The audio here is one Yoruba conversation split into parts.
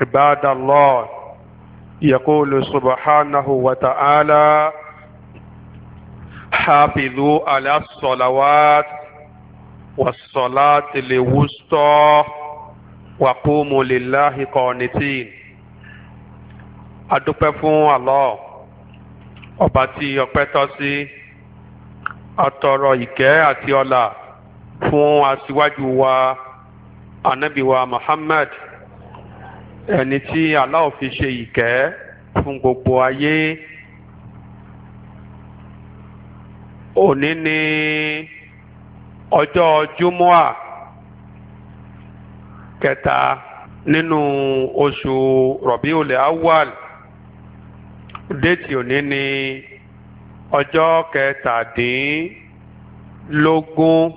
عباد الله يقول سبحانه وتعالى حافظوا على الصلوات والصلاة الوسطى وقوموا لله قانتين adúpẹ́ fún Allah ọba tí ọpẹ́ tọ́ sí àtọrọ ìkẹ́ àti ọlà ẹni tí Allah fi ṣe ìkẹ́ fún gbogbo ayé òní ni ọjọ́ júmọ́à kẹta nínú oṣù Rabiul Awwal déètì òní ni ọjọ́ kẹtàdínlógún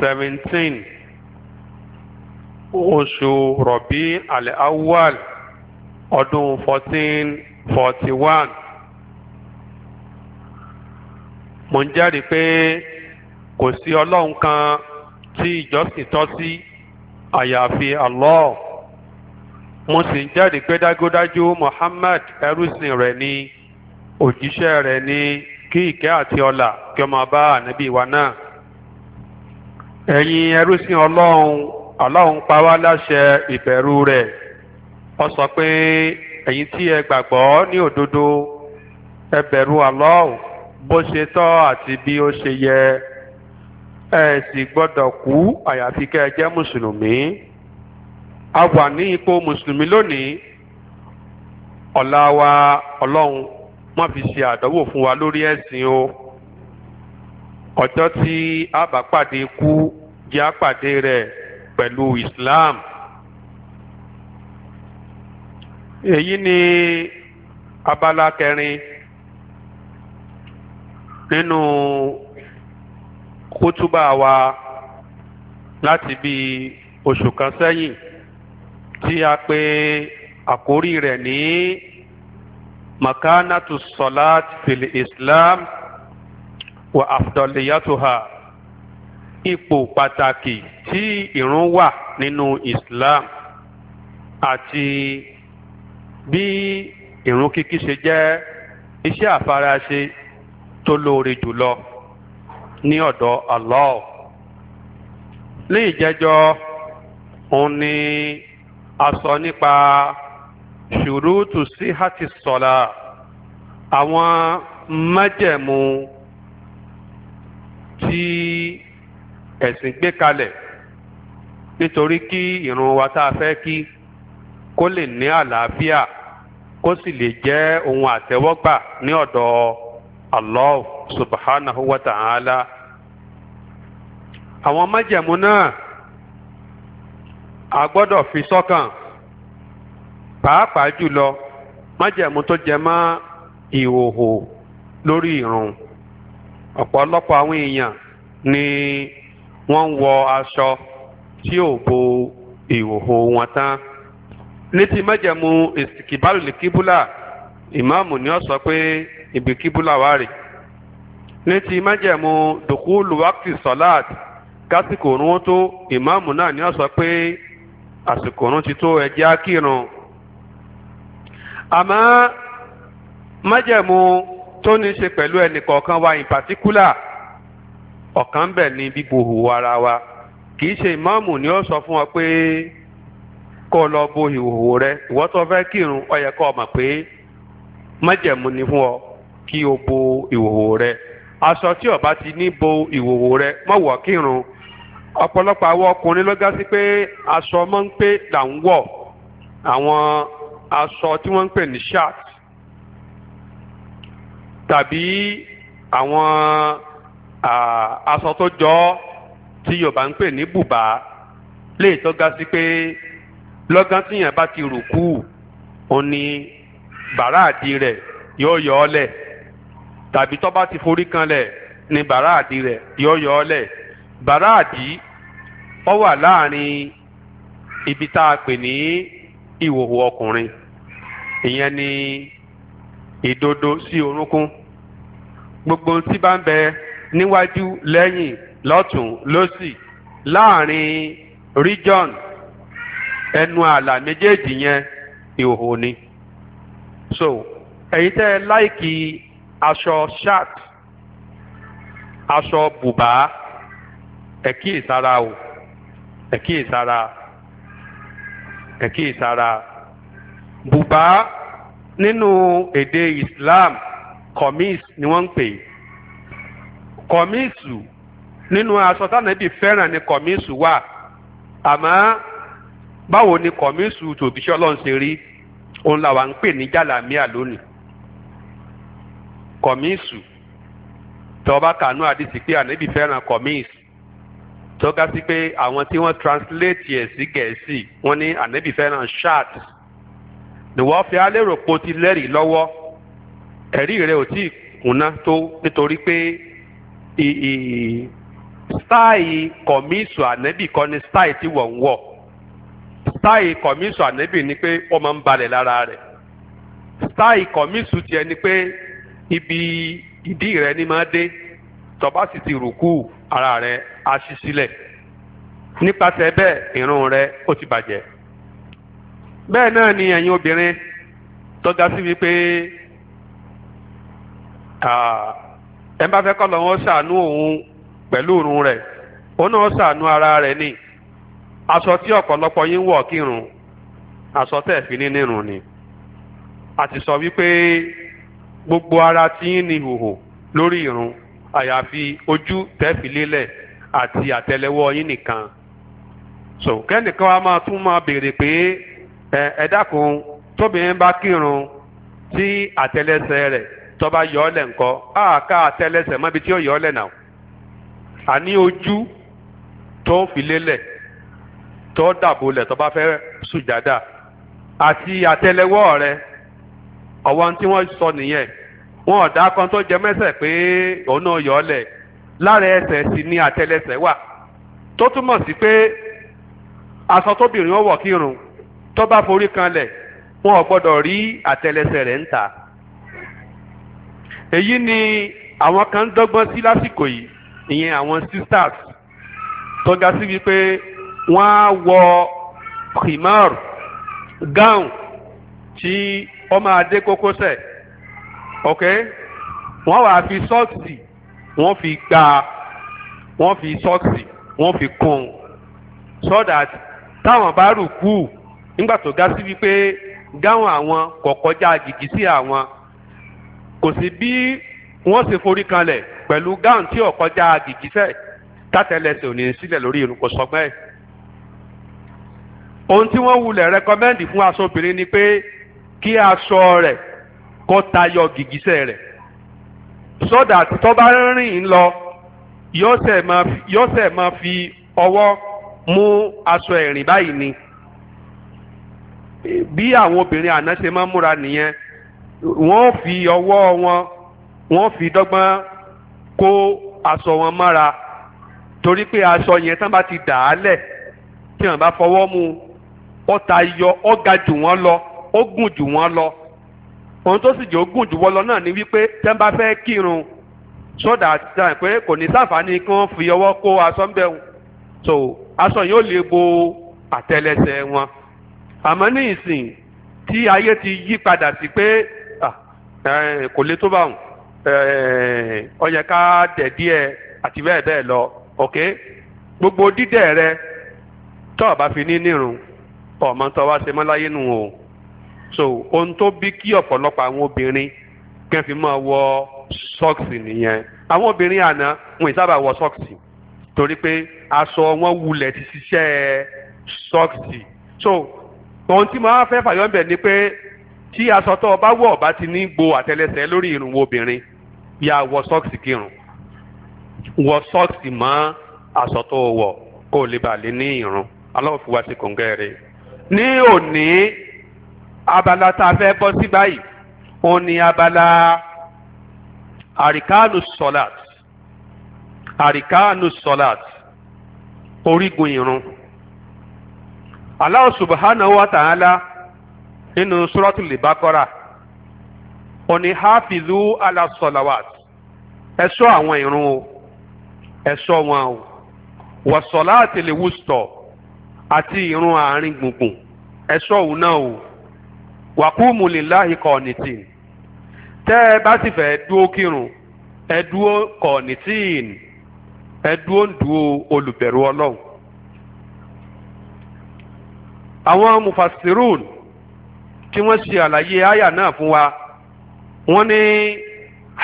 seventeen oṣù rọ̀bí al-awwal ọdún 1441 mo ń jẹ́rìí pé kò sí ọlọ́run kan tí ìjọsìn tọ́ sí àyàfi Allah mo sì ń jẹ́rìí pé dágúdájú Muhammad ẹrúsìn rẹ̀ ni òjíṣẹ́ rẹ̀ ni kí ìkẹ́ àti ọlà kí ó bá ànábì wa náà ẹ̀yin ẹrúsìn ọlọ́run Allah ń pa wá láṣẹ ìbẹ̀rù rẹ̀ ó sọ pé ẹ̀yin tí ẹ gbàgbọ́ ní òdodo ẹ bẹ̀rù Allah bó ṣe tọ́ àti bí ó ṣe yẹ ẹ sì gbọ́dọ̀ kú àyàfi kẹ́ ẹ jẹ́ mùsùlùmí a wà ní ipò mùsùlùmí lónìí ọ̀la wa ọlọ́run má fi ṣe àdánwò fún wa lórí ẹ̀sìn o ọjọ́ tí a bá pàdé ikú jẹ́ àpàdé rẹ̀ pẹ̀lú Islam èyí ni abala kẹrin nínú kútúbà wa láti bí oṣù kan sẹ́yìn tí a pè àkórí rẹ̀ ní makanatu salat fil Islam wa afdaliyatuha ipò pàtàkì tí ìrun wà nínú Islam àti bí ìrun kíkí ṣe jẹ́ iṣẹ́ àfaraṣe tó lóore jùlọ ní ọ̀dọ̀ Allah ní ìjẹ́jọ́ òun ni a sọ nípa ṣùrùtù síhàtì sọ̀la àwọn májẹ̀mú tí. ẹ̀sìn gbé kalẹ̀ nítorí kí ìrun wa tá a fẹ́ kí kó lè ní àlàáfíà kó sì lè jẹ́ ohun àtẹ́wọ́gbà ní ọ̀dọ̀ Allah subhanahu wa ta'ala àwọn májẹ̀mú náà a gbọ́dọ̀ fi sọ́kàn pàápàá jùlọ májẹ̀mú tó jẹ mọ́ ìhòhò lórí ìrun ọ̀pọ̀lọpọ̀ àwọn èèyàn ni. wọ́n ń wọ aṣọ tí ò bo ìhòhò wọn tán ní ti májẹ̀mú ìsìkìbálòlì kíbúlà ìmáàmù ni ó sọ pé ibi kíbúlà wà rè ní ti májẹ̀mú dùkúlù wákì sọ́láàt kásìkò òrùn tó ìmáàmù náà ni ó sọ pé àsìkò òrùn ti tó ẹjẹ́ akírun àmọ́ májẹ̀mú tó ní í ṣe pẹ̀lú ẹnì kọ̀ọ̀kan wa in particular ọ̀kan bẹ̀ ni bíbo ara wa kì ṣe ìmáàmù ni ó sọ fún ọ pé kó o lọ bo ìhòhò rẹ ìwọ tó fẹ́ kírun ó yẹ kó o mọ̀ pé májẹ̀mú ni fún ọ kí o bo ìhòhò rẹ aṣọ tí ọba ti ní bo ìhòhò rẹ má wọ̀ kírun ọ̀pọ̀lọpọ̀ àwọn ọkùnrin ló gá sí pé aṣọ máa ń pé là ń wọ̀ àwọn aṣọ tí wọ́n ń pè ní shirt tàbí àwọn. aṣọ tó jọ ọ́ tí yorùbá ń pè ní bùbá léè tó ga sí pé lọ́gán tíyàn bá ti rùkú òun ni bàrá àdì rẹ̀ yóò yọ ọ́ lẹ̀ tàbí tó bá ti forí kanlẹ̀ ni bàrá àdì rẹ̀ yóò yọ ọ́ lẹ̀ bàrá àdì ó wà láàrin ibi tá a pè ní ìhòhò ọkùnrin ìyẹn ni ìdodo sí orúnkún gbogbo tí bá ń bẹ níwájú lẹ́yìn lọ́tún lọ́sì láàrin region ẹnu ààlà méjèèjì yẹn ìhòòhò ni so ẹ̀yin tẹ́ ẹ láìkì aṣọ shat aṣọ bùbá ẹ kíyèsára o ẹ kíyèsára ẹ kíyèsára bùbá nínú èdè Islam kọ̀mís ni wọ́n ń pè é kọ̀míìsù nínú aṣọ tánàbì fẹ́ràn ni kọ̀míìsù wà àmọ́ báwo ni kọ̀míìsù tòbíṣẹ́ ọlọ́run ṣe rí òun làwa ń pè ní jàlámíà lónìí kọ̀míìsù tọ́ba kànú àdìsí pé ànábì fẹ́ràn kọ̀míìsù tọ́ka sí pé àwọn tí wọ́n translate ẹ̀ sí gẹ̀ẹ́sì wọ́n ní ànábì fẹ́ràn shirt ni wọ́n fi alérò po ti lẹ́rìí lọ́wọ́ ẹ̀rí rẹ̀ ò tí ì kúnná tó nítorí pé stáì kọ̀míìsù ànẹ́bì kọ́ ni stáì tí wọ́n ń wọ̀ stáì kọ̀míìsù ànẹ́bì ni pé ó máa ń balẹ̀ lára rẹ̀ stáì kọ̀míìsù tiẹ̀ ni pé ibi ìdí rẹ̀ ni máa dé tó bá sì ti rùkú ara rẹ̀ á ṣí sílẹ̀ nípasẹ̀ bẹ́ẹ̀ irun rẹ̀ ó ti bàjẹ́ bẹ́ẹ̀ náà ni ẹ̀yin obìnrin tó ga sí wípé ẹ bá fẹ́ kọ́ lọ́wọ́ ṣàánú òun pẹ̀lú òrùn rẹ̀ òun náà ṣàánú ara rẹ̀ ni aṣọ tí ọ̀pọ̀lọpọ̀ yín wọ̀ kírun aṣọ tẹ̀ fi ní nírun ni a ti sọ wípé gbogbo ara tí yín ni hòhò lórí irun àyàfi ojú tẹ̀ lélẹ̀ àti àtẹ́lẹwọ́ yín nìkan so kẹ́nìkan wa máa tún máa béèrè pé ẹ ẹ dákun tóbìnrin bá kírun tí àtẹ́lẹsẹ̀ rẹ̀ tọ́ba yọ ọ́ lẹ̀ ńkọ́ àká àtẹlẹsẹ̀ mọ́bi tí ó yọ ọ́ o náà àní ojú tó fi lélẹ̀ tó dàbò lẹ̀ tọ́ba fẹ́ sùjádà àti àtẹlẹwọ́ rẹ ọ̀wọ́n tí wọ́n sọ nìyẹn wọn ò dá kan tó jẹ mẹ́sẹ̀ pé òun náà yọ lára ẹsẹ̀ sì ni àtẹlẹsẹ̀ wà tó túmọ̀ sí pé aṣọ tóbìnrin ó kírun tó bá forí kanlẹ̀ wọn ò gbọ́dọ̀ rí àtẹlẹsẹ̀ rẹ̀ ń ta èyí ni àwọn kan ń dọ́gbọ́n sí lásìkò yìí ìyẹn àwọn sisters tó ga sí wípé wọ́n á wọ khimar gown tí ó máa dé kókósẹ̀ ok wọ́n wàá fi sọ́ọ̀sì wọ́n fi gba wọ́n fi sọ́ọ̀sì wọ́n fi kún so that táwọn bá rù kú nígbà tó ga sí wípé gáwọn àwọn kò kọjá gìgísẹ̀ àwọn kò sí bí wọ́n ṣe forí kanlẹ̀ pẹ̀lú gáùn tí ọ̀kọjá gìgísẹ̀ tátẹ̀lẹsẹ̀ ò ní sílẹ̀ lórí irun kò sọgbẹ́ ẹ̀. ohun tí wọ́n wulẹ̀ rẹ́kọ́mẹ́ndì fún aṣọ obìnrin ni pé kí aṣọ rẹ̀ kó tayọ gìgísẹ̀ rẹ̀ sọ́dà tó bá rìn ń lọ yóò sẹ̀ máa fi ọwọ́ mú aṣọ ẹ̀rìn báyìí ni bí àwọn obìnrin àná ṣe máa ń múra nìyẹn wọ́n fi ọwọ́ wọn wọ́n fi dọ́gbọ́n kó aṣọ wọn mọ́ra torí pé aṣọ yẹn tán bá ti dà á lẹ̀ tí wọ́n bá fọwọ́ mu ó tayọ ó ga jù wọ́n lọ ó gùn jù wọ́n lọ ohun tó sì jẹ́ ó gùn jù wọ́n lọ náà ni wípé tẹ́ ń bá fẹ́ kírun sọ́dà dáhùn pé kò ní sáǹfààní kí wọ́n fi ọwọ́ kó aṣọ ń bẹ̀rù so aṣọ yìí lè bo àtẹ́lẹsẹ̀ wọn àmọ́ ní ìsìn tí ayé ti yí padà sí pé kò lè tó báwọn ó yẹ ká dẹ̀ díẹ̀ àti bẹ́ẹ̀ bẹ́ẹ̀ lọ ok gbogbo dídẹ̀ rẹ tó o bá fi ní nírun ọmọ tó wá ṣe mọ́ nù o so ohun tó bí kí ọ̀pọ̀lọpọ̀ àwọn obìnrin kí wọ́n fi máa wọ sọ́ọ̀sì nìyẹn àwọn obìnrin àná wọn ì sábà wọ sọ́ọ̀sì torí pé aṣọ wọn wulẹ̀ ti ṣiṣẹ́ sọ́ọ̀sì so ohun tí mo wá fẹ́ fàyọ́ ń bẹ̀ ni pé tí aṣọ tó o bá wọ̀ bá ti ní gbo àtẹlẹsẹ̀ lórí irun obìnrin yà wọ sọ́ọ̀sì kírun wọ sọ́ọ̀sì mọ́ aṣọ tó o wọ̀ kó o lè bà lé ní irun aláwọ̀ fi ní òní abala tá a fẹ́ bọ́ sí báyìí òun ni abala àríkánu sọ̀làt àríkánu sọ̀làt orígun irun Allah subhanahu wa ta'ala nínú sọ́rọ́tù lè bá kọ́ra ó hafizu ala salawat ẹ ṣọ́ àwọn ìrun o ẹ ṣọ́ wọn o wa salati li wusta àti ìrun àárín gbùngbùn ẹ ṣọ́ òun náà o wa qumu lillahi qanitin tẹ́ ẹ bá sì fẹ́ dúó kírun ẹ dúó qanitin ẹ dúó ń dúó olùbẹ̀rù ọlọ́run àwọn mufasirun tí wọ́n ṣe àlàyé àyà náà fún wa wọ́n ní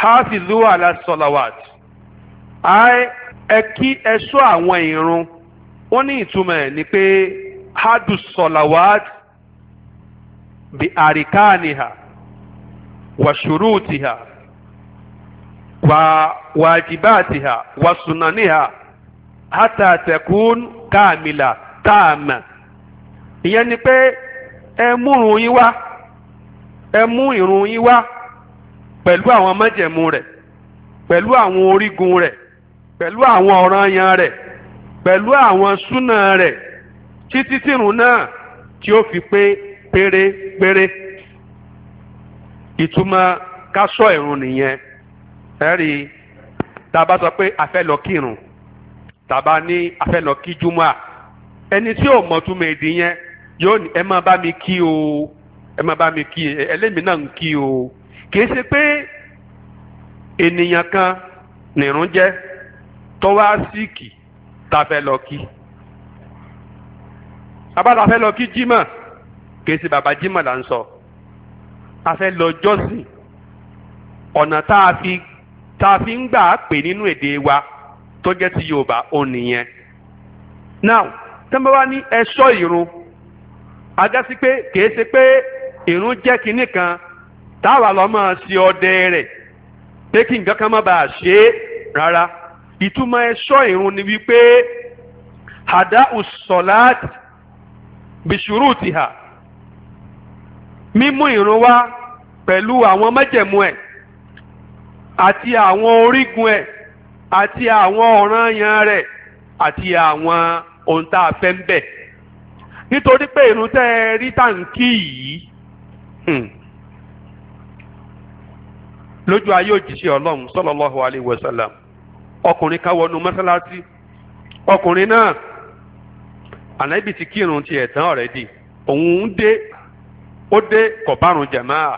hafizu ala salawat ẹ kí ẹ ṣọ́ àwọn ìrun wọ́n ní ìtumọ̀ ẹ̀ ni pé hadu salawat bi arikaniha wa shurutiha wa wajibatiha wa sunaniha hata takun kamila taama ìyẹn ni pé ẹ múrun yín wá ẹ mú ìrun yín wá pẹ̀lú àwọn májẹ̀mú rẹ̀ pẹ̀lú àwọn orígun rẹ̀ pẹ̀lú àwọn ọ̀ranyàn rẹ̀ pẹ̀lú àwọn súnà rẹ̀ títí tìrun náà tí ó fi pé pérépéré ìtumọ̀ ká ṣọ́ nìyẹn ẹ̀rí tá sọ pé a kírun tàbá ní a fẹ́ à ẹni tí ò mọ̀túmọ̀ èdè yẹn yóò ní ẹ máa bá mi kí o ẹ máa bá mi kí ẹlẹ́mìí náà ń kí o kì í ṣe pé ènìyàn kan nìrún jẹ́ tó wá síìkì tá a fẹ́ lọ kí abáta fẹ́ lọ kí jímọ̀ kì í ṣe bàbá jímọ̀ là ń sọ a fẹ́ lọ jọ́sìn ọ̀nà tá a fi tá a fi ń gbà á pè nínú èdè wa tó jẹ́ ti Yorùbá òun nìyẹn now tẹ́ńbà wá ní ẹ̀ṣọ́ ìrun ajásí pé kìí ṣe pé ìrún jẹ́ kinní kan táwa lọ́ máa ṣe ọdẹ rẹ̀ pé kí nǹkan kan má bàa ṣe é rárá ìtumọ̀ ẹ̀ṣọ́ ìrún ni wípé hada usolat bisuru ti ha mímú ìrún wá pẹ̀lú àwọn májẹ̀mú ẹ̀ àti àwọn orígun ẹ̀ àti àwọn ọ̀ranyàn rẹ̀ àti àwọn ohun tá a fẹ́ ń bẹ̀. nítorí pé irun tẹ́ ẹ rí tàǹkì yìí hmm, lójú ayé òjìṣẹ́ ọlọ́run sallallahu alaihi wasallam ọkùnrin ká wọnú mọ́sálásí ọkùnrin náà ànábì ti kírun tiẹ̀ tán ọ̀rẹ́dì òun dé ó dé kọ̀bárùn jàmáà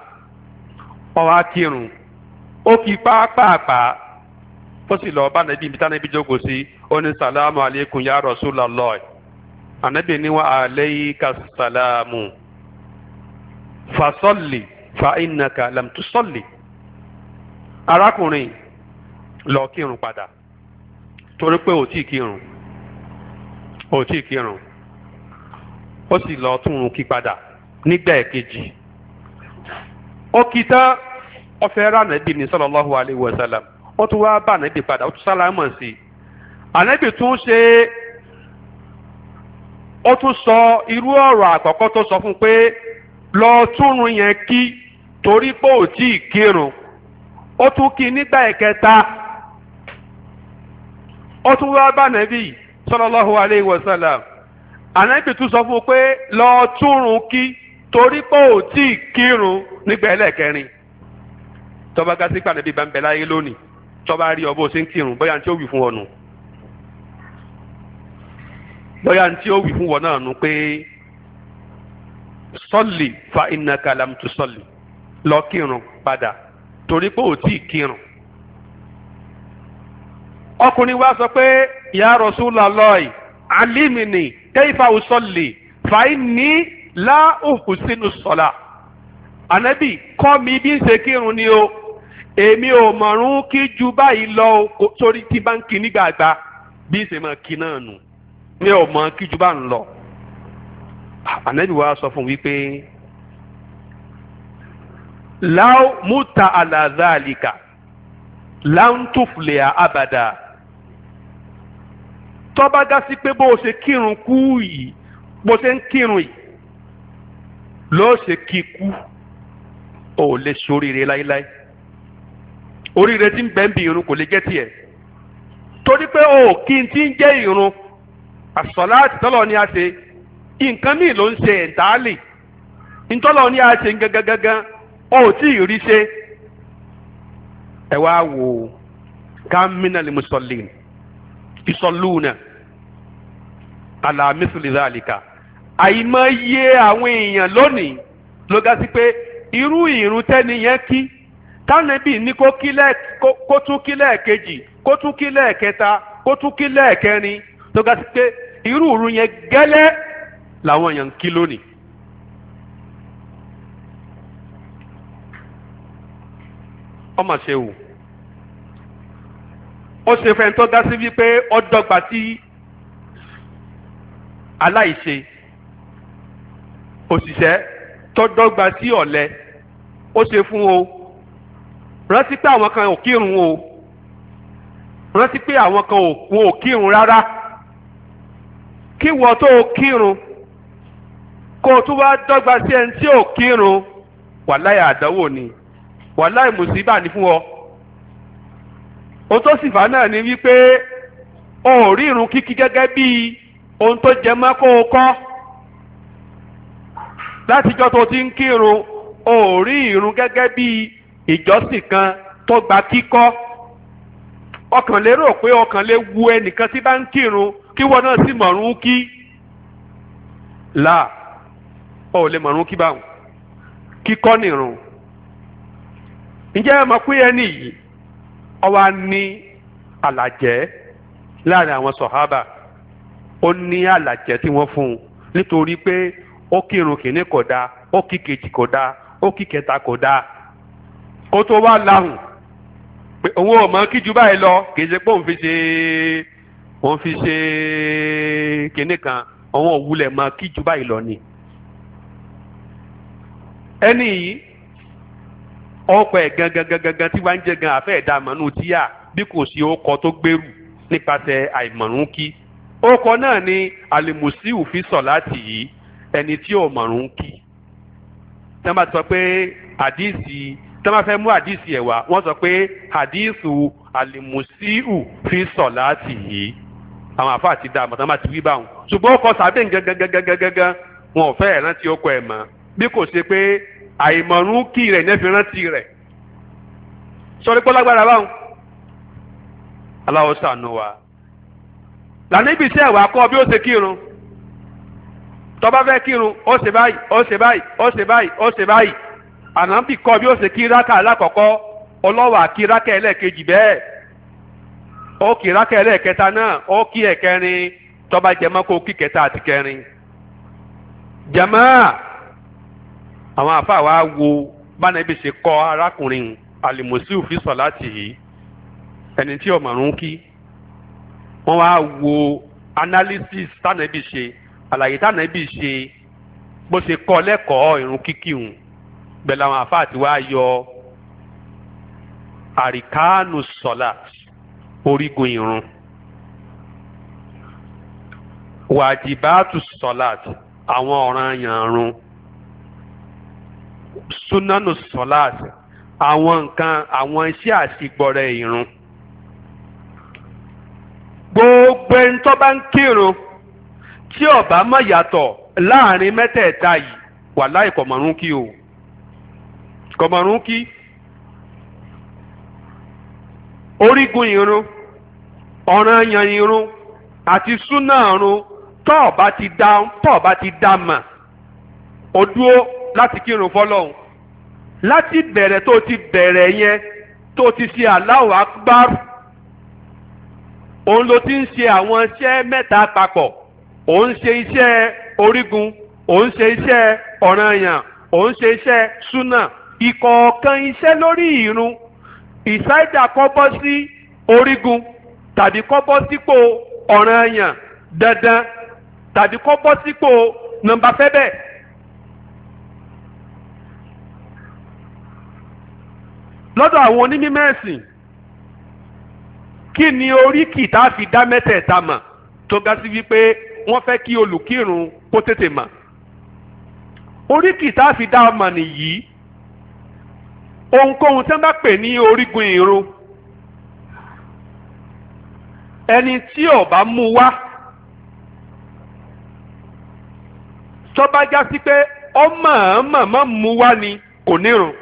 ọwọ́ akírun ó kí pápápá ó sì lọ bá ànábì ibi tánábì jókòó sí anabi ni wa alayka salamu fasolli fa innaka lam tusolli arákùnrin lọ kírun padà torí pé ò tíì kírun ò tíì kírun ó sì lọ túnrun kí padà nígbà ẹ̀kejì ó kí tán ó fẹ́ sallallahu alayhi wa sallam ó tún wá bá nàbì padà ó tún sálámọ̀ sí i tún ṣe ó tún sọ irú ọ̀rọ̀ àkọ́kọ́ tó sọ fún pé lọ túrun yẹn kí torí pé ò tí ì kírun ó tún kí nígbà ẹ̀kẹta ó tún wá bá nàbí sallallahu alayhi wa sallam sọ fún pé lọ túrun kí torí pé ò tí ì kírun nígbà ẹlẹ́kẹrin tọ́ba gásígbà nàbí bá ń bẹ láyé lónìí tọ́ba rí ọ bó fún ọ bóyá ntí ó wí fún wọn náà nu pé sọ́ọ̀lì fa iná kàlámùtù sọ́ọ̀lì lọ kírun padà torí pé ò tí ì kírun. ọkùnrin wa sọ pé ya Rasulullah alimini kayfa usalli fa inni la uhsinu sọ́là ànábì kọ́ mi bí ń ṣe kírun ni o èmi ò mọ̀rún kí ju báyìí lọ o tí bá nígbàgbà bí ń ṣe máa kí náà nù mi ò mọ kíjú bá ń lọ ànábì wa sọ fún wípé láò múta àlàzà àlìkà láǹtòfùlẹ̀ àbàdà tọ́ba dá sí pé bó o ṣe kírun kú yìí bó o ṣe ń kírun yìí ló ṣe kí kú ò lè ṣoríire láéláé oríire tí ń bẹ́ẹ̀ bí irun kò lè jẹ́ tiẹ̀ torí pé o kí n ti ń jẹ́ irun. àsọlá àtìtọ́lọ̀ ni a ṣe ló ń ṣe ẹ̀ńtálì ntọ́lọ̀ ni gangan ó tí ì se ẹ wá wò ó kámínà lè mùsọ̀lìn ìsọlúùnà alika. àlìkà àwọn èèyàn lónìí ló sí pé irú ìrun tẹ́ni yẹn kí ní kó tún kí lẹ́ẹ̀kejì kó tún kí lẹ́ẹ̀kẹta kó tún kí lẹ́ẹ̀kẹrin tó ga sí pé irú òru yẹn gẹ́lẹ́ làwọn èèyàn ń kí lónìí. ọmọ ṣe wù ó ṣe fẹ́ tó ga sí wípé ọdọgba tí aláìṣe òṣìṣẹ́ tó sí ọ̀lẹ ó ṣe fún o rántí pé àwọn kan ò kírun o rántí pé àwọn kan ò kírun rárá. kí wọ́n tó kírun kó o tún wá dọ́gba sí ẹni tí ò kírun wàláì àdánwò ni ni fún ọ. o tó sì fà náà ni wípé o rí irun kíkí gẹ́gẹ́ bíi ohun tó jẹ mọ́ kó o kọ́ tó ti ń kírun o rí irun gẹ́gẹ́ bíi ìjọsìn kan tó gba kíkọ́ ọkàn lérò pé ọkàn lè wu ẹnìkan tí bá ń kíwọ náà sì mọ̀rún kí là ọ̀ lè mọ̀rún kí báwọn kíkọ́ nìrun ǹjẹ́ ẹ mọ̀ pé ẹni yìí ó wà ní àlàjẹ́ láàrin àwọn sọ̀hábà ó ní àlàjẹ́ tí wọ́n fún un nítorí pé ó kírun kìíní kò dáa ó kí kejì kò dáa ó kí kẹta kò dáa kó tó wá lahùn pé òun ò mọ kí ju báyìí lọ kì í ṣe pé òun fi ṣe wọ́n fi ṣe kinní kan àwọn òwúlẹ̀ mọ kí ju báyìí lọ ni. ẹni yìí ọ̀pọ̀ ẹ̀ gangan gangan gangan tí wàá ń jẹ gan àfẹ́ ẹ̀dá mọ̀nú tíyà bí kò sí ọkọ̀ tó gbèrú nípasẹ̀ àìmọ̀rún kí. ọkọ̀ náà ni alimusiu fi sọ̀ láti yìí ẹni tí ò mọ̀rún kí. tẹ́ bá sọ pé àdìsí tẹ́ bá fẹ́ mú àdìsí ẹ̀ wá wọ́n sọ pé àdìsù alimusiu fi sọ̀ láti yìí. àwọn àfa ati dá àmọ̀tán bá ti wí báwọn ṣùgbọ́n ọkọ sàbẹ̀ gangangangangangan wọn ò fẹ́ rántí ọkọ ẹ̀ mọ́ bí kò ṣe pé àìmọ̀rún kì rẹ̀ ní rántí rẹ̀ sọrí pé lágbára báwọn aláwọ̀ sànù wa lànà ibi iṣẹ́ ìwà kọ́ bí ó ṣe kírun tó fẹ́ kírun ó ṣe báyìí ó ṣe báyìí ó ṣe báyìí ó ṣe báyìí ó kì rákà ẹlẹ́ẹ̀kẹta náà ó kí ẹ̀kẹrin tó bá jẹmọ́ kó kí kẹta àti kẹrin. jàmáà àwọn àfáà wa wo bánẹ́bí ṣe kọ́ arákùnrin alimusiu fi sọ láti yìí ẹni tí ọ̀mọ̀rún kí wọ́n wá wo analysis tánẹ́bí ṣe àlàyé tánẹ́bí ṣe bó ṣe kọ́ lẹ́kọ̀ọ́ ìrun kíkì hùn bẹ́ẹ̀ làwọn yọ àríkánu sọ̀láàtì orígun irun wàjibáàtù sọláàt àwọn ọ̀ràn yàrún súnánù sọláàt àwọn nǹkan àwọn iṣẹ́ àṣìgbọ̀rẹ̀ irun gbogbo ẹni tó bá ń kírun tí ó bá mọ̀ yàtọ̀ láàrin mẹ́tẹ̀ẹ̀ta yìí wàláì kọ̀mọ̀rún kí o kọ̀mọ̀rún kí orígun irun ọ̀ràn yan irun àti súnà irun tọ́ ọ̀bá ti dá tọ́ ọ̀bá ti dá mà ó dúró láti kírun fọlọ́hún láti bẹ̀rẹ̀ tó ti bẹ̀rẹ̀ yẹn tó ti ṣe Allahu Akbar òun ló ti ń ṣe àwọn iṣẹ́ mẹ́ta papọ̀ òun ṣe iṣẹ́ orígun òun ṣe iṣẹ́ ọ̀ranyàn òun ṣe iṣẹ́ súnà ìkọ̀ọ̀kan iṣẹ́ lórí ìrun ìsáìdà kọ́ bọ́ sí orígun tàbí kọ́ bọ́ sípò ọ̀ranyàn dandan tàbí kọ́ bọ́ sípò nọ́mbà lọ́dọ̀ àwọn onímẹ̀sìn kí ni oríkì tá a fi dá mẹ́tẹ̀ẹ̀ta mọ̀ tó ga sí wípé wọ́n fẹ́ kí olùkírun kó tètè mọ̀ oríkì tá a fi dá ọmọ nìyí ohunkóhun tí wọ́n bá pè ní orígun ìrun ẹni tí ó bá mú wá tó bá já sí pé ó mọ̀ọ́mọ̀ mú wá ni kò nírun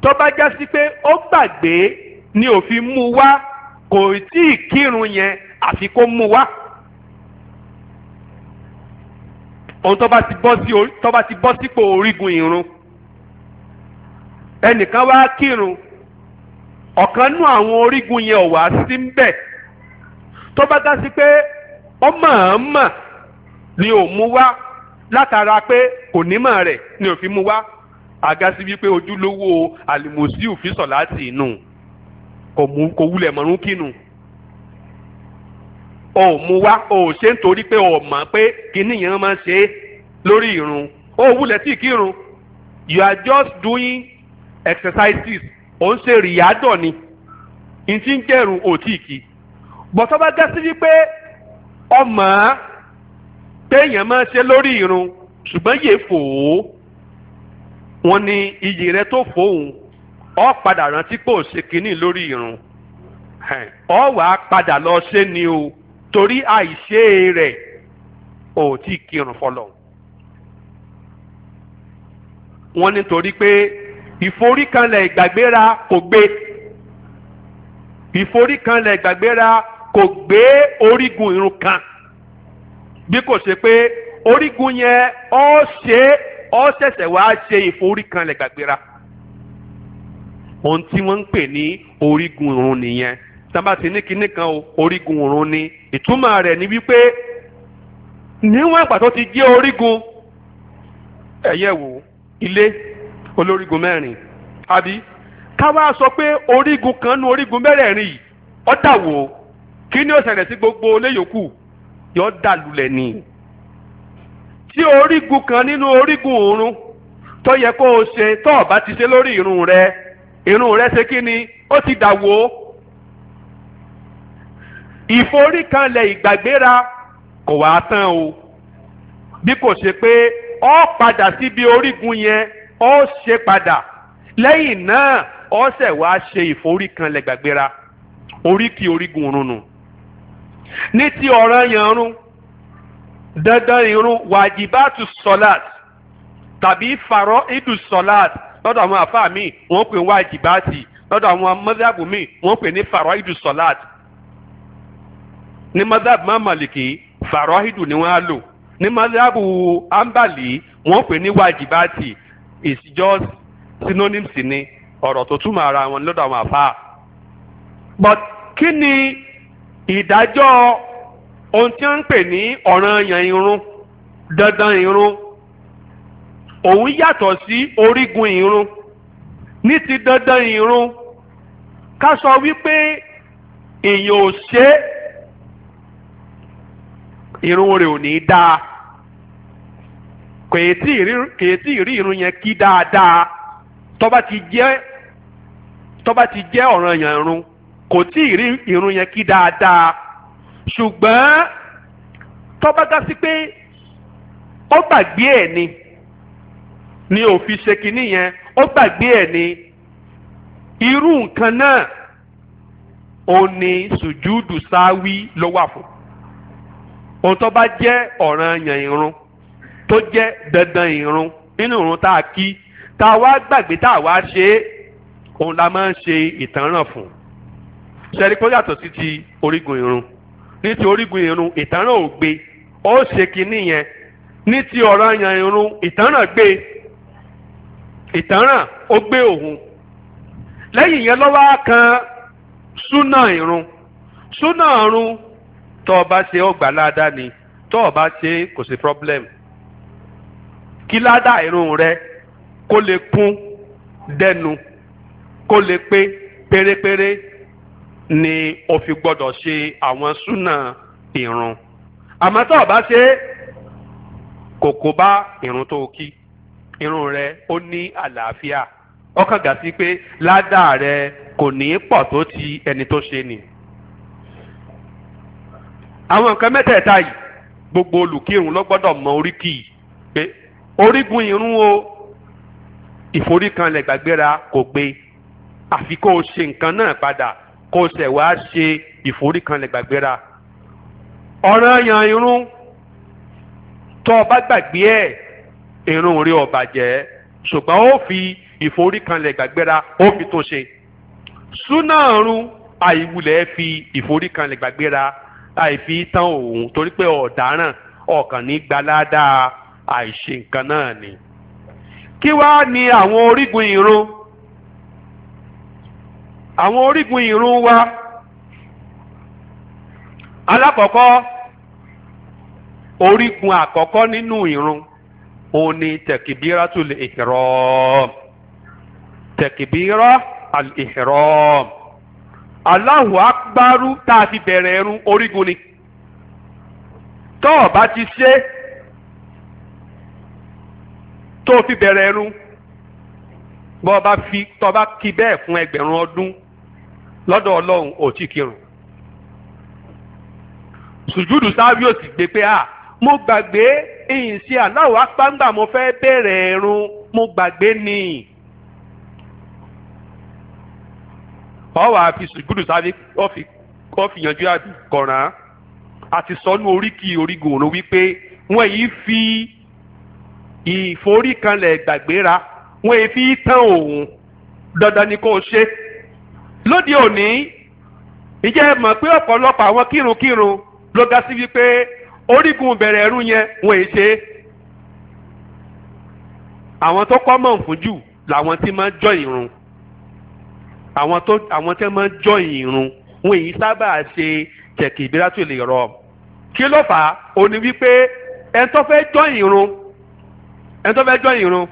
tó bá já sí pé ó gbàgbé ni òfin mú wá kò tí ì kírun yẹn àfi kó mú wá. ohun tó bá ti bọ́ sípò orígun ìrun ẹnìkan wá kírun ọ̀kan nú àwọn orígun yẹn ọ̀wá sí ń bẹ̀ tó bá dá sí pé ó mọ̀ọ́mọ̀ ni ò mú wá látara pé kò nímọ̀ rẹ̀ ni ò fi mú wá àgásí wípé ojúlówó àlìmọ̀síù fi sọ̀ láti inú kò mú kò wulẹ̀ mọ̀rún kínu ò mú wá ò ṣe ń torí pé ò mọ̀ pé kíní yẹn máa ṣe lórí ìrun o wulẹ̀ tí kírun you are just doing exercises òun ṣe rìyádọ̀ ni n ti ń jẹ̀rùn òtíìkì bọ̀tọ́ bá gá sí wípé ọmọ téèyàn máa ṣe lórí irun ṣùgbọ́n yè fò ó wọn ni iyì rẹ tó fòun ọ padà rántí pò ṣe kínní lórí irun ọ wàá padà lọ ṣe ni o torí àìṣe rẹ ò tí kírun fọlọ wọn nítorí pé ìforíkanlẹ̀ ìgbàgbéra kò gbé ìforíkanlẹ̀ ìgbàgbéra kò gbé orígun irun kan bí kò ṣe pé orígun yẹn ó ṣe ó ṣẹ̀ṣẹ̀ wá ṣe ìforíkanlẹ̀ ìgbàgbéra ohun tí wọ́n ń pè ní orígun irun nìyẹn tábà ti ní kinní kan o orígun irun ni ìtumọ̀ rẹ̀ ni wípé níwọ̀n ìgbà tó ti jẹ́ orígun ẹ̀yẹ̀wò ilé olórígun mẹ́rin àbí káwá sọ pé orígun kan nu orígun mẹ́rẹ̀ẹ̀rin yìí ó dà wò kí ni ó ṣẹlẹ̀ sí gbogbo oléyòókù yóò dà lulẹ̀ ni tí orígun kan nínú orígun òórùn tó yẹ kó o ṣe tó o bá ti ṣe lórí irun rẹ irun rẹ ṣe kí ni ó ti dà wò ìforíkanlẹ̀ ìgbàgbéra kò wá tán o bí kò ṣe pé ó padà síbi orígun yẹn ó ṣe padà lẹ́yìn náà ó ṣẹ̀ wá ṣe ìforíkanlẹ̀ gbàgbéra oríkì orígun òrun nù ní ti ọ̀ranyàn irun dandan irun wàjibátù sọláàt tàbí fàrọ ìdù sọláàt lọ́dọ̀ àwọn àfáà míì wọ́n pè wàjibátì lọ́dọ̀ àwọn mọ́sáàbù míì wọ́n pè ní fàrọ ìdù sọláàt ní mọ́sáàbù má màlìkì fàrọ ni wọ́n á lò ní mọ́sáàbù ámbàlì wọ́n pè ní wàjibátì is just synonyms ni ọ̀rọ̀ tó túmọ̀ ara wọn lọ́dọ̀ àwọn àfáà but kí ni ìdájọ́ ohun tí wọ́n ń pè ní ọ̀ranyàn irun dandan irun òun yàtọ̀ sí orígun irun ní ti dandan irun ká sọ wípé èèyàn ò ṣe irun rẹ̀ ò ní dáa kèétí ìrí irun yẹn kí dáadáa tọ́ba ti jẹ́ tọ́ba ti jẹ́ ọ̀ràn yẹn irun kò tí ì rí irun yẹn kí dáadáa ṣùgbọ́n tọ́ba dá sí pé ó gbàgbé ẹ̀ ni ni òfin ṣe kínní yẹn ó gbàgbé ẹ̀ ni irú nǹkan náà ó ní sùjúdù sáwí ló wà fún ohun bá jẹ́ ọ̀ràn yẹn irun tó jẹ́ dandan ìrun nínú ìrun tá a kí tá a wá gbàgbé tá a wá ṣe é òun la máa ń ṣe ìtanràn fún ṣẹ́ni kó yàtọ̀ sí ti orígun ìrun ní ti orígun ìrun ìtanràn ò gbé ó ṣe kinní yẹn ní ti ọ̀ranyàn ìrun ìtanràn gbé ìtanràn ó gbé òun lẹ́yìn yẹn lọ́wọ́ á kan súnà ìrun súnà ìrun tó o bá ṣe ó ládàá ni tó o bá ṣe kò sí problem kí ládà irun rẹ kó lè kún dẹnu kó lè pé pérépéré ni o fi gbọ́dọ̀ ṣe àwọn súnà irun àmọ́ tó o bá ṣe kòkó bá irun tó o kí irun rẹ ó ní àlàáfíà ọkàn gà sí pé ládà rẹ kò ní pọ̀ tó ti ẹni tó ṣe nì. àwọn nǹkan mẹ́tẹ̀ẹ̀ta yìí gbogbo olùkírun ló gbọ́dọ̀ mọ oríkì pé orígun irun o ìforíkanlẹ̀ gbàgbéra kò pé àfi kó o ṣe nǹkan náà padà kó o ṣẹ̀ wá ṣe ìforíkanlẹ̀ gbàgbéra ọ̀ranyàn irun tó o bá gbàgbé ẹ̀ irun rí ó bàjẹ́ ṣùgbọ́n ó fi ìforíkanlẹ̀ gbàgbéra ó fi tó ṣe súnà ọ̀run àìwulẹ̀ fi ìforíkanlẹ̀ gbàgbéra àìfi tán òun torí pé ọ̀daràn ọ̀kàn ní gbaládàá àìṣe nǹkan náà ni. kí wá ni àwọn orígun ìrun àwọn orígun ìrun wa alákọ̀ọ́kọ́ orígun àkọ́kọ́ nínú ìrun òun ni takbiratul ihram takbira al-ihram Allahu akbaru tá a fi bẹ̀rẹ̀ ẹ̀rún orígun ni tọ́ọ̀ bá ti ṣe tó fi bẹ̀rẹ̀ ẹrú bọ́ ọba fi tọba kí bẹ́ẹ̀ fún ẹgbẹ̀rún ọdún lọ́dọ̀ ọlọ́run ò tí kírun sùjúdù sáwí ò sì gbé pé à mo gbàgbé ìyìn sí aláwọ̀ apáǹgbà mo fẹ́ bẹ̀rẹ̀ ẹ̀rùn mo gbàgbé ni ọwọ́ àfi sùjúdù sáwí kọ́ fi yanjú àbí kọ̀ọ̀ràn àti sọnù oríkì orígun òun wípé wọ́n yìí fi ìforíkanlẹ̀ gbàgbéra wọn èéfi e tán òun dandan ni kò ṣe lóde òní ìjẹ́ ẹ mọ̀ pé ọ̀pọ̀lọpọ̀ àwọn kírunkírun ló ga sí wípé orígun bẹ̀rẹ̀ ẹ̀rú yẹn wọn èé e ṣe àwọn tó kọ́ mọ̀ fún jù làwọn tí máa ń jọ ìrun àwọn tó àwọn tí máa ń jọ ìrun wọn èyí e sábà ṣe kẹ̀kẹ́ ìbílẹ̀ tó lè rọ kí ló fà á òní wípé ẹni tó fẹ́ jọ ìrun ẹni tó fẹ́ jọ ìrun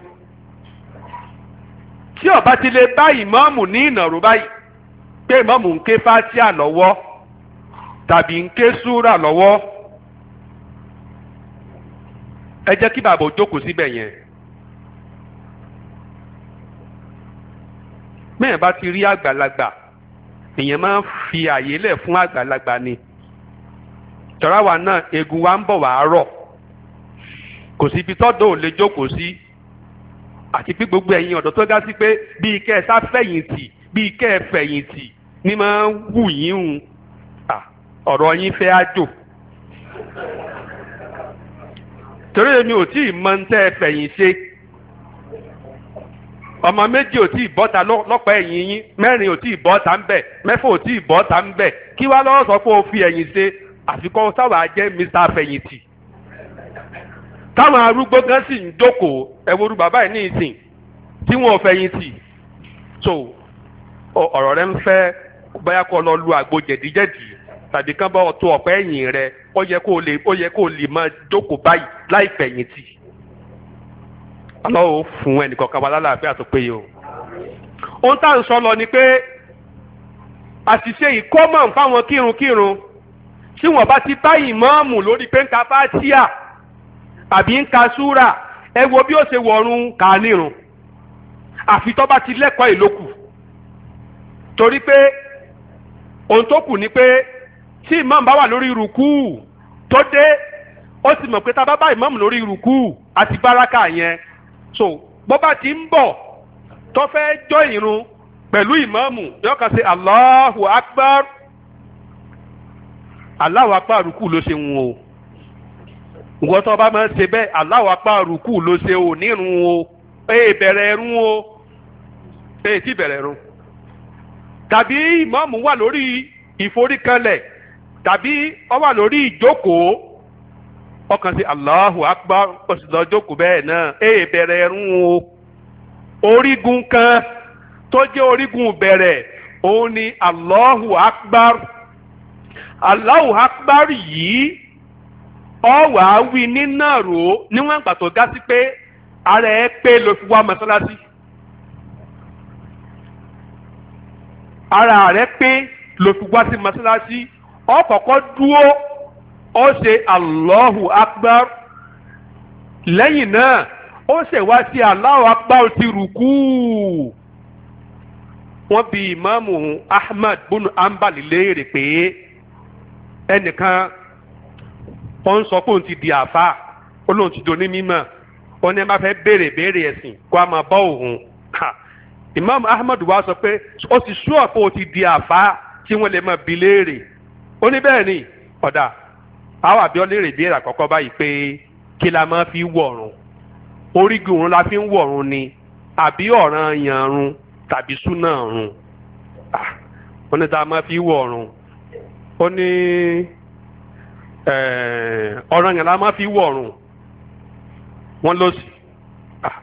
tí ọba ti lè bá ìmọ̀ọ́mù ní ìnàrú báyìí pé ìmọ̀ọ́mù ń ké fátíà lọ́wọ́ tàbí ń ké lọ́wọ́ ẹ jẹ́ kí bàbá òjókòó síbẹ̀ yẹn. bá fi àyè lẹ̀ fún àgbàlagbà ni tọ́ra wa náà wa ń bọ̀ wá kò sí ibi tọ́dọ̀ ò lè jókòó sí àti pé gbogbo ẹ̀yin ọ̀dọ́ tó ga sí pé bíi kẹ́ ẹ sá fẹ̀yìntì bíi kẹ́ ẹ fẹ̀yìntì ní máa ń wù yín hùn ọ̀rọ̀ yín fẹ́ á jò torí èmi ò tí ì mọ ń tẹ́ ẹ fẹ̀yìn ṣe ọmọ méjì ò tí ì bọ́ta lọ́pọ̀ ẹ̀yìn yín mẹ́rin ò tí ì bọ́ta ń bẹ̀ mẹ́fà ò tí ì bọ́ta ń bẹ̀ kí wá lọ́wọ́ sọ pé o ẹ̀yìn ṣe àfikún sáwà jẹ́ Mr. fẹ̀yìntì táwọn arúgbó gan sì ń jókòó ẹwúrú bàbá ẹ̀ ní ìsìn tí wọn ò fẹ̀yìn tì so ọ̀rọ̀ rẹ ń fẹ́ bóyá kó lọ lu àgbo jẹ̀díjẹ̀dí tàbí kán bá ọ̀tọ̀ ọ̀pẹ́ ẹ̀yìn rẹ ó yẹ kó lè ó yẹ kó lè máa jókòó báyìí láì fẹ̀yìn tì aláwo fún ẹnìkọ̀ọ̀kan wa lálàáfíà tó péye o ohun tá à ń sọ lọ ni pé àṣìṣe ìkọ́mọ̀ fáwọn kírunkírun tí wọ́n bá ti bá ìmọ̀ọ́mù lórí pé ń ta fátíà. àbí ń ka súrà ẹ wo bí ó ṣe wọ̀run kà á nírun àfi ti lẹ́kọ̀ọ́ ìlókù torí pé ohun tó kù ni pé tí imam bá wà lórí ìrùkú tó dé ó sì mọ̀ pé tá bá bá imam lórí ruku àti báraka yẹn so bó ti ń bọ̀ tó fẹ́ jọ ìrun pẹ̀lú yóò kàn ṣe ruku ló ṣe ń ìwọ tó bá máa ń ṣe bẹ́ẹ̀ aláwọ̀ apá ló ṣe o èè o èè tí bẹ̀rẹ̀ ẹ̀rún. tàbí ìmọ̀ọ́mù wà lórí ìforíkanlẹ̀ tàbí wà lórí ìjókòó ọkàn sí bẹ́ẹ̀ náà èè bẹ̀rẹ̀ ẹ̀rún o. orígun kan tó jẹ́ orígun bẹ̀rẹ̀ òun ni ọ wà á wí nínà rò ó níwọ̀n ìgbà tó ga sí pé ara ẹ pé ló fi wá mọ́sálásí. ara rẹ pé ló fi wá sí mọ́sálásí ọ kọ́kọ́ dúró ó ṣe Allahu Akbar lẹ́yìn náà ó ṣe wá sí Allahu Akbar ti rùkú wọ́n bí ìmáàmù Ahmad bunu ambali léèrè pé ẹnìkan ó ń sọ pé òun ti di àáfà ó lóun ti doni mímọ̀ ó ní ẹ bá fẹ́ béèrè béèrè ẹ̀sìn kó a máa bá òun Imam Ahmad wa sọ pé ó ti sú ọ̀pọ̀ ó ti di àáfà tí wọ́n lè máa bi léèrè ó ní bẹ́ẹ̀ ni ọ̀dà àwọn àbí ọlẹ́rè bí èrè àkọ́kọ́ báyìí pé kí la máa fi wọ̀run orígun òun la fi ń wọ̀run ni àbí ọ̀ràn yanrun tàbí súnà run ó ní tá a máa fi wọ̀run ó ní. Eh, ọ̀ràn yẹn la máa fi wọ̀ ọ̀run wọ́n lọ sí ah,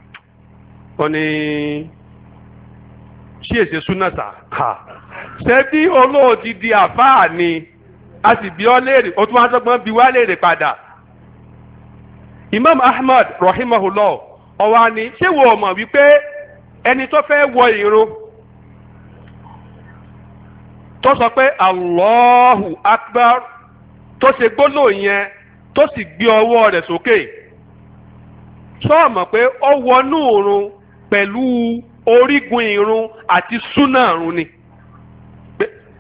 wọ́n ní ṣí èsè súnàtà ṣé bí olóòdìdí àfáà ni a sì bí ọ léèrè o tún wá sọgbọ́n bí wá léèrè padà Imam Ahmad rahimahullah ọ̀wá ni ṣé wo mọ̀ wípé ẹni tó fẹ́ wọ ìrun tó sọ pé Allahu Akbar. tó ṣe gbólò yẹn tó sì gbé ọwọ́ rẹ̀ sókè sọ́ọ̀mọ̀ pé ó wọnú ìrun pẹ̀lú orígun irun àti súnà ìrun ni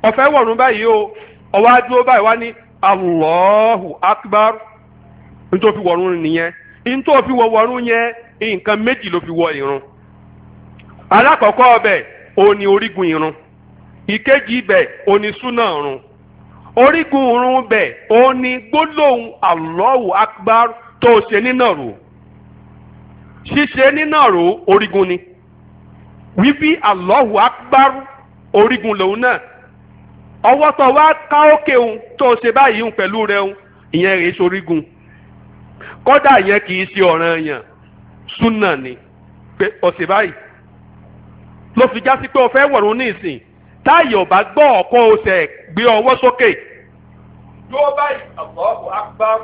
ọ̀fẹ́ wọ̀run báyìí o ọwọ́ adúró báyìí wá ní Allahu Akbar nítorí fi wọ̀run nìyẹn nítorí fi wọ wọ̀run yẹn nǹkan méjì ló fi wọ irun. alákọ̀ọ́kọ́ ọbẹ̀ òní orígun ìrun ìkejì ibẹ̀ òní súnà ìrun orígun òrùn bẹ̀ òun ni gbólóhùn Allahu Akbar tó ṣe nínà rò ṣíṣe nínà rò orígun ni wíbí Allahu Akbar orígun lòun náà ọwọ́ tó wá ká òkè òun tó ṣe báyìí òun pẹ̀lú rẹ̀ òun ìyẹn rèé sorígun kódà yẹn kì í ṣe ọ̀ràn yẹn súnà ni pé ọ̀sẹ̀ báyìí ló sí pé o fẹ́ ní ìsìn táyọ̀ bá gbọ́ ọ̀kọ́ o gbé ọwọ́ sókè. So dúró báyìí Allahu Akbar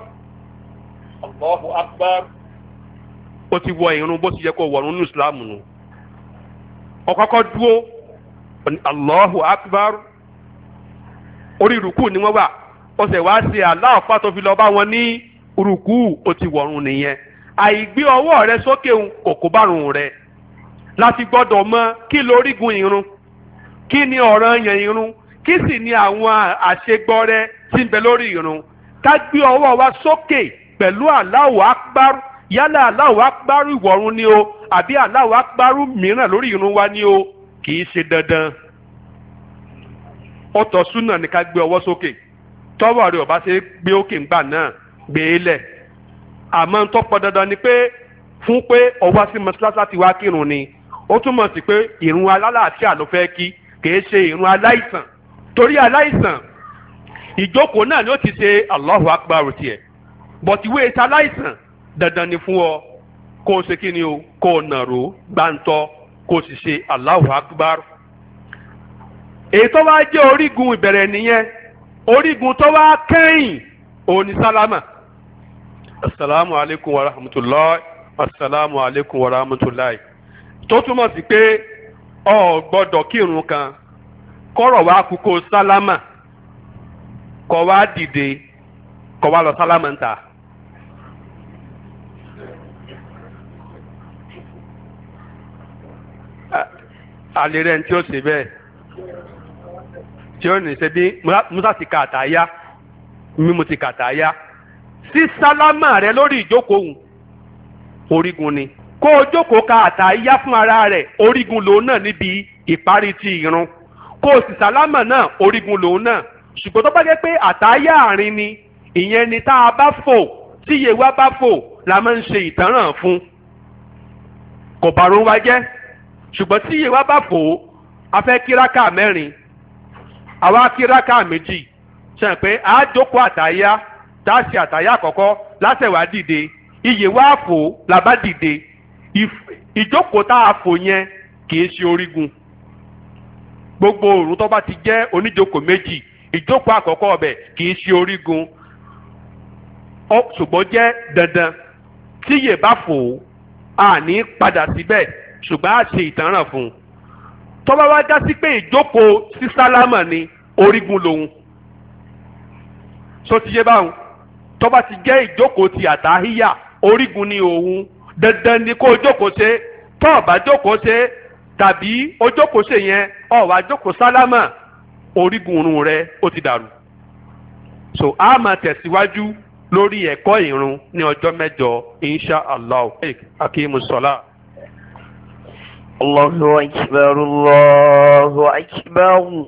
Allahu Akbar ó ti wọ ìrun bó ti yẹ kó wọ̀run ní Islam nù ọ̀kọ́kọ́ dúró Allahu Akbar orí ìrùkù ni wọ́n wà ó sì wá sí aláàfáà tó fi lọ bá wọn ní ìrùkù ó ti wọ̀run nìyẹn àìgbé ọwọ́ rẹ sókè kòkó bárùn rẹ láti gbọ́dọ̀ mọ kí lórígun ìrun kí ni ọ̀ranyàn ìrun kí sì ni àwọn àṣegbọrẹ tí ń bẹ lórí irun ká gbé ọwọ́ wa sókè pẹ̀lú Allahu Akbar yálà Allahu Akbar ìwọ̀run ni o àbí Allahu Akbar mìíràn lórí irun wa ni o kì í ṣe dandan ó tọ́ súnà ní ká gbé ọwọ́ sókè tọ́wọ́ rẹ̀ ọba ṣe gbé òkè ńgbà náà gbé e lẹ̀ àmọ́ ń tọ́pọ̀ dandan ni pé fún pé ọwọ́ sí mọ́ṣáláṣí láti wá kírun ni ó túmọ̀ sí pé ìrun alálàáfíà ló fẹ́ kí kì í ṣe ìrun aláìsàn torí aláìsàn ìjókòó náà ni ó ti ṣe Allahu Akbar tiẹ̀ bọ̀tí wíwé ta aláìsàn dandan ni fún ọ kó o ṣe kí ni o kó o nàró gbàǹtọ kó o sì ṣe Allahu Akbar. èyí tó wá jẹ́ orígun ìbẹ̀rẹ̀ nìyẹn orígun tó wá kẹ́yìn òun ni sálámà. asalaamu aleykum wa rahmatulahi asalaamu aleykum wa rahmatulahi tó túmọ̀ sí pé o gbọ́dọ̀ kírun kan kọ́rọ̀ wá kú kó sálámà kọ́ wá dìde kọ́ wá lọ sálámà ń ta. àlè rẹ̀ tí ó ṣe bẹ́ẹ̀ tí ó ní ṣe bí musa ti kà tá yá mímu ti kà tá yá sí sálámà rẹ lórí ìjókòó orígun ni kó o jókòó ka yá fún ara rẹ orígun lòun náà níbi ìparí ti ìrun kó o sì sálámà náà orígun lòun náà ṣùgbọ́n tó bá jẹ́ pé àtáyà àárín ni ìyẹn ni tá a bá fò tí iye wa bá fò la máa ń ṣe ìtanràn fún kò bàrún wa jẹ́ ṣùgbọ́n tí iye wa bá fò a fẹ́ kíráka mẹ́rin àwa kíráka méjì ṣe pé a jókòó àtáyà dáṣe àtáyà àkọ́kọ́ lásẹ̀wá dìde iye wa fò la bá dìde ìjókòó tá a fò yẹn kì í ṣe orígun gbogbo òrùn tó bá ti jẹ́ oníjókòó méjì ìjókòó àkọ́kọ́ ọbẹ̀ kì í ṣe orígun ṣùgbọ́n jẹ́ dandan tí yè bá fò ó àní padà síbẹ̀ ṣùgbọ́n a ṣe ìtanràn fún un tó bá wá já sí pé ìjókòó sí sálámà ni orígun lòun sọ ti yé báwọn tó bá ti jẹ́ ìjókòó ti àtàhíyà orígun ni òun dandan ni kó o jókòó ṣe tó o bá jókòó ṣe tàbí ó jókòó ṣe yẹn ó wá jókòó sálámà orígun irun rẹ ó ti dàrú so a máa tẹ̀síwájú lórí ẹ̀kọ́ ìrun ní ọjọ́ mẹ́jọ insha allah akimu sọlá. الله أكبر الله أكبر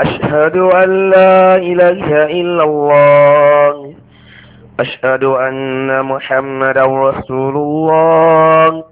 أشهد أن لا إله إلا الله أشهد أن محمدا رسول الله